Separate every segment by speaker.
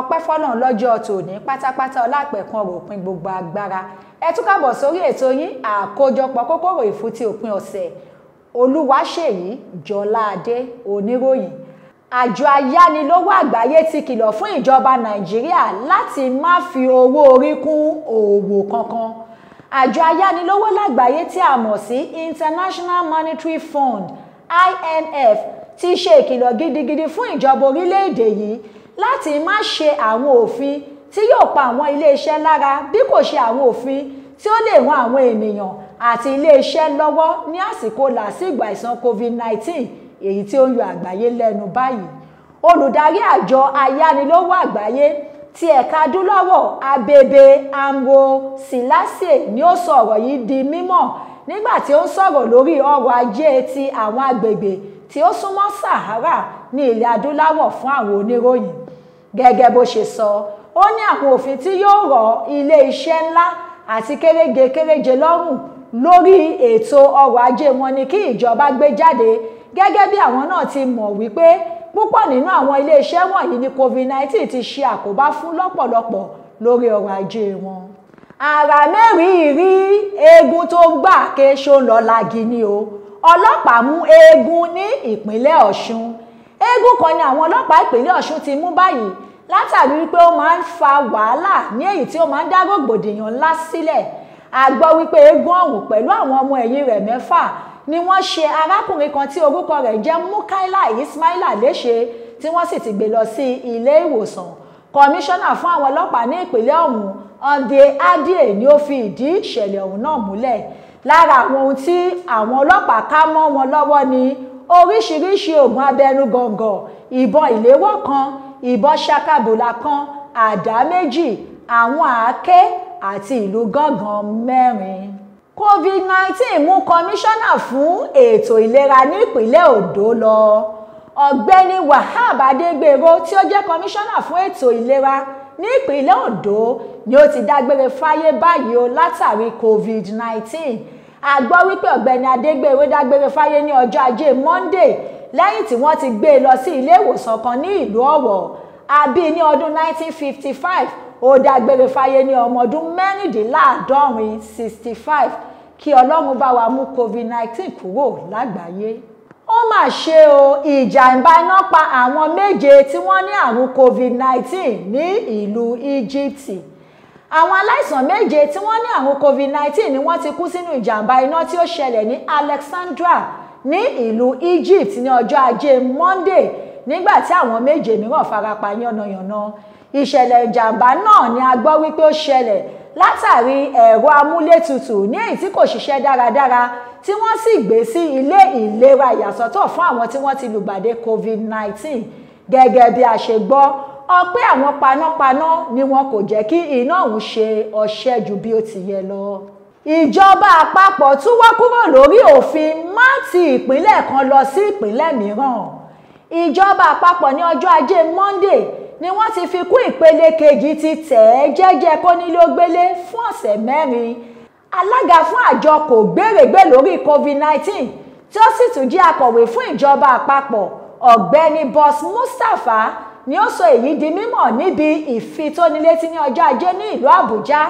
Speaker 1: ọpẹ́ fọ́nà lọ́jọ́ tòní pátápátá ọlápẹ̀kan ọ̀rọ̀ òpin gbogbo agbára ẹ tún káàbọ̀ sórí ètò yín àkójọpọ̀ kókòrò ìfúti òpin ọ̀sẹ̀ olúwaṣèyí jọládé oníròyìn àjọ ayánilówó àgbáyé ti kìlọ̀ fún ìjọba nàìjíríà láti má fi owó orí kún òwò kankan àjọ ayánilówó lágbàáyé tí a mọ̀ sí international monetary fund imf ti ṣe ìkìlọ̀ gidigidi fún ìjọba orílẹ̀-èdè yìí láti má ṣe àwọn òfin tí yóò pa àwọn iléeṣẹ́ lára bí kò ṣe àwọn òfin tí ó lè ran àwọn ènìyàn àti iléeṣẹ́ lọ́wọ́ ní àsìkò làásìgbà ìsan covid-19 èyí tí ó ń yọ àgbáyé lẹ́nu báyìí olùdarí àjọ ayánilówó àgbáyé ti ẹ̀ka adúláwọ̀ abebe amro silasie ni ó sọ ọ̀rọ̀ yìí di mímọ̀ nígbà tí ó ń sọ̀rọ̀ lórí ọrọ̀ ajé ti àwọn agbègbè tí ó súnmọ́ Sahara ní ilẹ̀ adúláwọ̀ fún àwọn oníròyìn gẹ́gẹ́ bó ṣe sọ ó ní àwọn òfin tí yóò rọ̀ ilé iṣẹ́ ńlá àti kéréje kéréje lọ́rùn lórí ètò ọrọ̀ ajé wọn ni kí ìjọba gbé jáde gẹ́gẹ́ bí àwọn náà ti mọ̀ wípé púpọ̀ nínú àwọn ilé iṣẹ́ wọ̀nyí ni COVID-19 ti ṣe àkóbá fún lọ́pọ̀lọpọ̀ lórí ọrọ̀ ajé wọn àrà mẹ́rin rí eegun tó gbà ké ṣó lọ́la gini o ọlọ́pàá mú eégún ní ìpínlẹ̀ ọ̀ṣun eégún kan ni àwọn ọlọ́pàá ìpínlẹ̀ ọ̀ṣun ti mú báyìí látàrí wípé ó máa ń fa wàhálà ní èyí tí ó máa ń dá rògbòdìyàn ńlá sílẹ̀ a gbọ́ wípé eégún ọ̀hún pẹ̀lú àwọn ọmọ ẹ̀yìn rẹ̀ mẹ́fà ni wọ́n ṣe arákùnrin kan tí orúkọ rẹ̀ jẹ́ Mukaila Ismaila léṣe tí wọ́n sì ti gbé lọ sí ilé ìwòsàn kọmíṣánná fún àwọn ọlọ́pàá ní ìpínlẹ̀ ọ̀hún Ọ̀dẹ̀ Adìẹ ni ó fi ìdí ìṣẹ̀lẹ̀ ọ̀hún náà múlẹ̀ lára àwọn ohun tí àwọn ọlọ́pàá ká mọ́ wọn lọ́wọ́ ni oríṣiríṣi oògùn abẹnú gọ̀ǹgọ̀ ìbọn ìléwọ́ kan ìbọn ṣakabùlà kan àdá méjì àwọn àáké àti ìlú gángan mẹ́rin. covid-19 mú kọmíṣánná fún ètò ìlera nípínlẹ̀ Ondo lọ ọ̀gbẹ́ni Wahab Adégbèrò tí ó jẹ́ kọmíṣánná fún ètò ìlera ní ìpínlẹ̀ Ondo ni ó ti dágbére fáyé báyìí o látàrí COVID-19 a gbọ́ wípé ọ̀gbẹ́ni Adégbèwé dágbére fáyé ní ọjọ́ ajé Monday lẹ́yìn tí wọ́n ti gbé e lọ sí ilé ìwòsàn kan ní ìlú Ọ̀wọ̀ àbí ní ọdún 1955 ó dágbére fáyé ní ọmọ ọdún mẹ́rìndínláàádọ́rin 65 kí Ọlọ́run bá wa mú COVID-19 kúrò lágbàáyé ó mà ṣe o ìjàmbá iná pa àwọn méje tí wọ́n ní àrùn covid-19 ní ìlú Egypt àwọn aláìsàn méje tí wọ́n ní àrùn covid-19 ni wọ́n ti kú sínú ìjàmbá iná tí ó ṣẹlẹ̀ ní Alexandria ní ìlú Egypt ní ọjọ́ ajé Monday nígbà tí àwọn méje mìíràn farapa yánnayànna ìṣẹ̀lẹ̀ ìjàmbá náà ni a gbọ́ wípé ó ṣẹlẹ̀ látàrí ẹ̀rọ amúlétutù ní èyí tí kò ṣiṣẹ́ dáradára tí wọ́n sì gbé sí ilé ìlera ìyàsọ́tọ̀ fún àwọn tí wọ́n ti lùgbàdé covid-19 gẹ́gẹ́ bí a ṣe gbọ́ ọpẹ́ àwọn panápaná ni wọn kò jẹ́ kí iná ọ̀hún ṣe ọṣẹ́ ju bí ó ti yẹ lọ. ìjọba àpapọ̀ tún wọ́ kúrò lórí òfin má ti ìpínlẹ̀ kan lọ sí ìpínlẹ̀ mìíràn ìjọba àpapọ̀ ní ọjọ́ ajé Monday ni wọ́n ti fi kún ìpele kejì ti tẹ̀ ẹ́ jẹ́jẹ́ kónílógbélé fún ọ̀sẹ̀ mẹ́rin alága fún àjọ kò gbèrègbè lórí COVID-19 tí ó sì tún jẹ́ akọ̀wé fún ìjọba àpapọ̀ ọ̀gbẹ́ni Boss Mustapha ni ó sọ èyí di mímọ̀ níbi ìfitónilétí ní ọjọ́ ajé ní ìlú Àbújá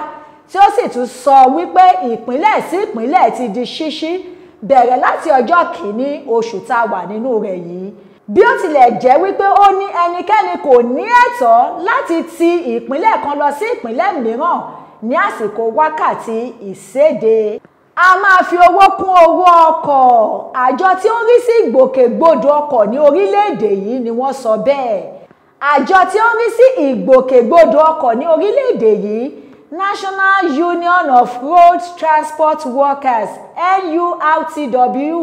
Speaker 1: tí ó sì tún sọ wípé ìpínlẹ̀ sí ìpínlẹ̀ ti di ṣíṣí bẹ̀rẹ̀ láti ọjọ́ kìíní oṣù tá a wà nínú rẹ̀ yìí bí ó tilẹ̀ jẹ́ wípé ó ní ẹnikẹ́ni kò ní ẹ̀tọ́ láti ti ìpínlẹ̀ kan lọ sí ìpínlẹ̀ mìíràn ní àsìkò wákàtí ìséde a máa fi owó kún owó ọkọ̀ àjọ tí ó ń rí sí ìgbòkègbodò ọkọ̀ ní orílẹ̀-èdè yìí ni wọ́n sọ bẹ́ẹ̀ àjọ tí ó ń rí sí ìgbòkègbodò ọkọ̀ ní orílẹ̀-èdè yìí National Union of Road Transport Workers NURTW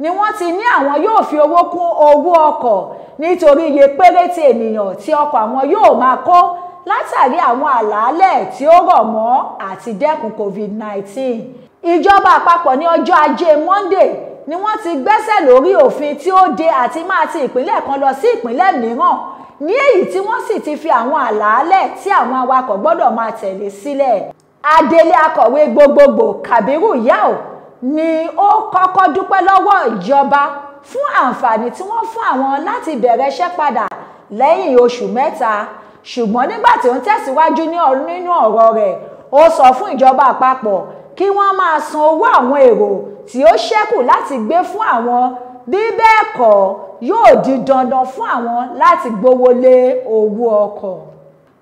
Speaker 1: ni wọ́n ti ní àwọn yóò fi owó kún owó ọkọ̀ nítorí iye péréte ènìyàn tí ọkọ̀ àwọn yóò máa kó látàrí àwọn àlàálẹ̀ tí ó rọ̀ mọ́ àti dẹ́kun covid-19 ìjọba àpapọ̀ ní ọjọ́ ajé monday ni wọ́n ti gbẹ́sẹ̀ lórí òfin tí ó de àti máa ti ìpínlẹ̀ kan lọ sí ìpínlẹ̀ mìíràn ní èyí tí wọ́n sì ti fi àwọn àlàálẹ̀ tí àwọn awakọ̀ gbọ́dọ̀ máa tẹ̀lé sílẹ̀ adelé akọ̀wé gbogbogbò Kàbírù Yao ni ó kọ́kọ́ dúpẹ́ lọ́wọ́ ìjọba fún àǹfààní tí wọ́n fún àwọn láti bẹ̀rẹ̀ iṣẹ́ padà lẹ́yìn oṣù mẹ́ta ṣùgbọ́n nígbà tí ó ń tẹ̀síwájú nínú ọ̀rọ̀ rẹ̀ ó sọ fún ìjọba àpapọ̀ kí wọ́n máa san owó àwọn èrò tí ó ṣẹ́kù láti gbé fún àwọn bí bẹ́ẹ̀ kọ́ yóò di dandan fún àwọn láti gbowó lé owó ọkọ̀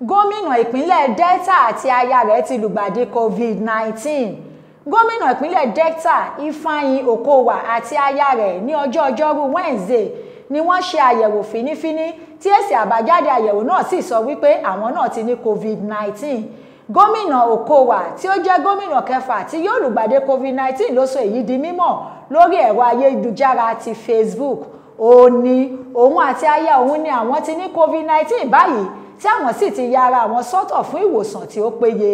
Speaker 1: gómìnà ìpínlẹ̀ Delta àti aya rẹ̀ ti lùgbàdì COVID-19 gómìnà ìpínlẹ̀ delta ifeanyi okowa àti aya rẹ̀ ní ọjọ́ ọjọ́rú wednesday ni wọ́n ṣe àyẹ̀wò fínífíní tí èsì àbájáde àyẹ̀wò náà sì sọ wípé àwọn náà ti ní covid-19 gómìnà okowa tí ó jẹ́ gómìnà kẹfà tí yóò lùgbàdé covid-19 ló sọ èyí di mímọ̀ lórí ẹ̀rọ ayélujára ti facebook ó ní òun àti aya òun ni àwọn ti ní covid-19 báyìí tí àwọn sì ti ya ara àwọn sọ́tọ̀ fún ìwòsàn tí ó péye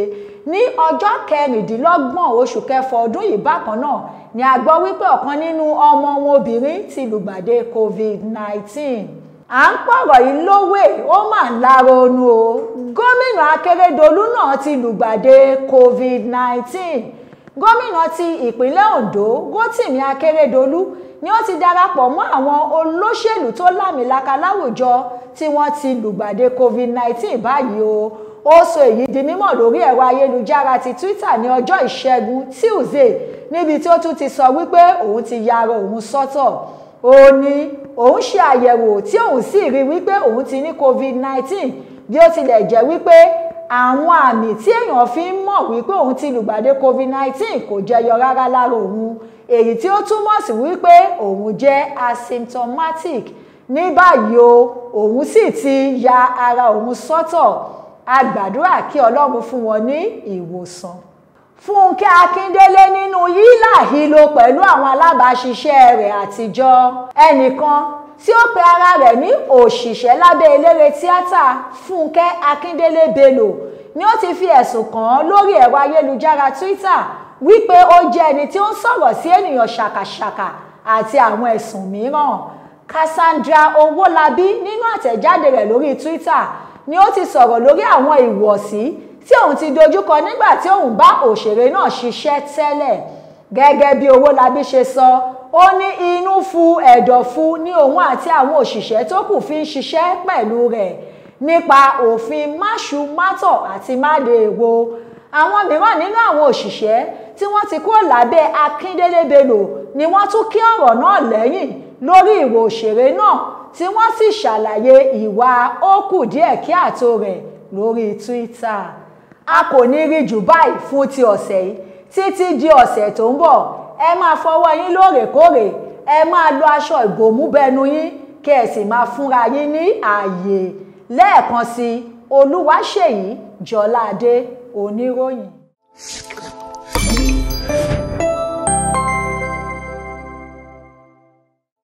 Speaker 1: ní ọjọ́ kẹrìndínlọ́gbọ̀n oṣù kẹfọ ọdún yìí bákan náà ni a gbọ́ wípé ọ̀kan nínú ọmọ wọn obìnrin ti lùgbàdé covid-19 à ń pọ̀rọ̀ yìí lówè ó mà ń lára onu o gómìnà akérèdọ́lù náà ti lùgbàdé covid-19 gómìnà ti ìpínlẹ̀ ondo gótìmí akérèdọ́lù ni ó ti darapọ̀ mọ́ àwọn olóṣèlú tó lámìlaka láwùjọ tí wọ́n ti lùgbàdé covid-19 báyìí o ó sọ èyí di mímọ̀ lórí ẹ̀rọ ayélujára ti Twitter ní ọjọ́ ìṣẹ́gun Tuesday níbi tí ó tún ti sọ wípé òun ti yára òun sọ́tọ̀ ó ní òun ṣe àyẹ̀wò tí òun sì rí wípé òun ti ní covid nineteen bí ó tilẹ̀ jẹ́ wípé àwọn àmì tí èèyàn fi ń mọ̀ wípé òun ti lùgbàdé covid nineteen kò jẹyọ rárá lára òun èyí tí ó túmọ̀ sí wípé òun jẹ́ asymptomatic ní báyìí o òun sì ti ya ara òun sọ́tọ̀ a gbàdúrà kí ọlọ́run fún wọn ní ìwòsàn fúnkẹ́ akíndélé nínú hílàhílo pẹ̀lú àwọn alábàáṣiṣẹ́ rẹ̀ àtijọ́ ẹnìkan tí ó pe ara rẹ̀ ní òṣìṣẹ́ lábẹ́ eléré tíátà fúnkẹ́ akíndélé bello ni ó ti fi ẹ̀sùn kàn án lórí ẹ̀rọ ayélujára twitter wípé ó jẹ́ ẹni tí ó ń sọ̀rọ̀ sí ènìyàn ṣàkàṣàkà àti àwọn ẹ̀sùn mìíràn cassandra owólabí nínú àtẹ̀jáde rẹ̀ lórí twitter ni ó ti sọ̀rọ̀ lórí àwọn ìwọ̀sí tí òun ti dojúkọ nígbà tí òun bá òṣèré náà ṣiṣẹ́ tẹ́lẹ̀ gẹ́gẹ́ bí Owólabí ṣe sọ ó ní inú fu ẹ̀dọ̀ ní òun àti àwọn òṣìṣẹ́ tó kù fi ń ṣiṣẹ́ pẹ̀lú rẹ̀ nípa òfin máṣu-mátọ̀ àti mádeèwo àwọn mìíràn nínú àwọn òṣìṣẹ́ tí wọ́n ti kúrò lábẹ́ Akíndélé ni wọ́n tún kí ọ̀rọ̀ náà lẹ́yìn lórí ìwò òṣèré náà tí wọ́n sì ṣàlàyé ìwà ó kù díẹ̀ kí àtò rẹ̀ lórí Twitter a kò ní rí jù báyìí fún ti ọ̀sẹ̀ yìí títí di ọ̀sẹ̀ tó ń bọ̀ ẹ máa fọwọ́ yín lóòrèkóòrè ẹ máa lo aṣọ ìbòmúbẹnu yín kí ẹ sì máa fúnra yín ní ààyè lẹ́ẹ̀kan sí Olúwaṣèyí Jọládé oníròyìn.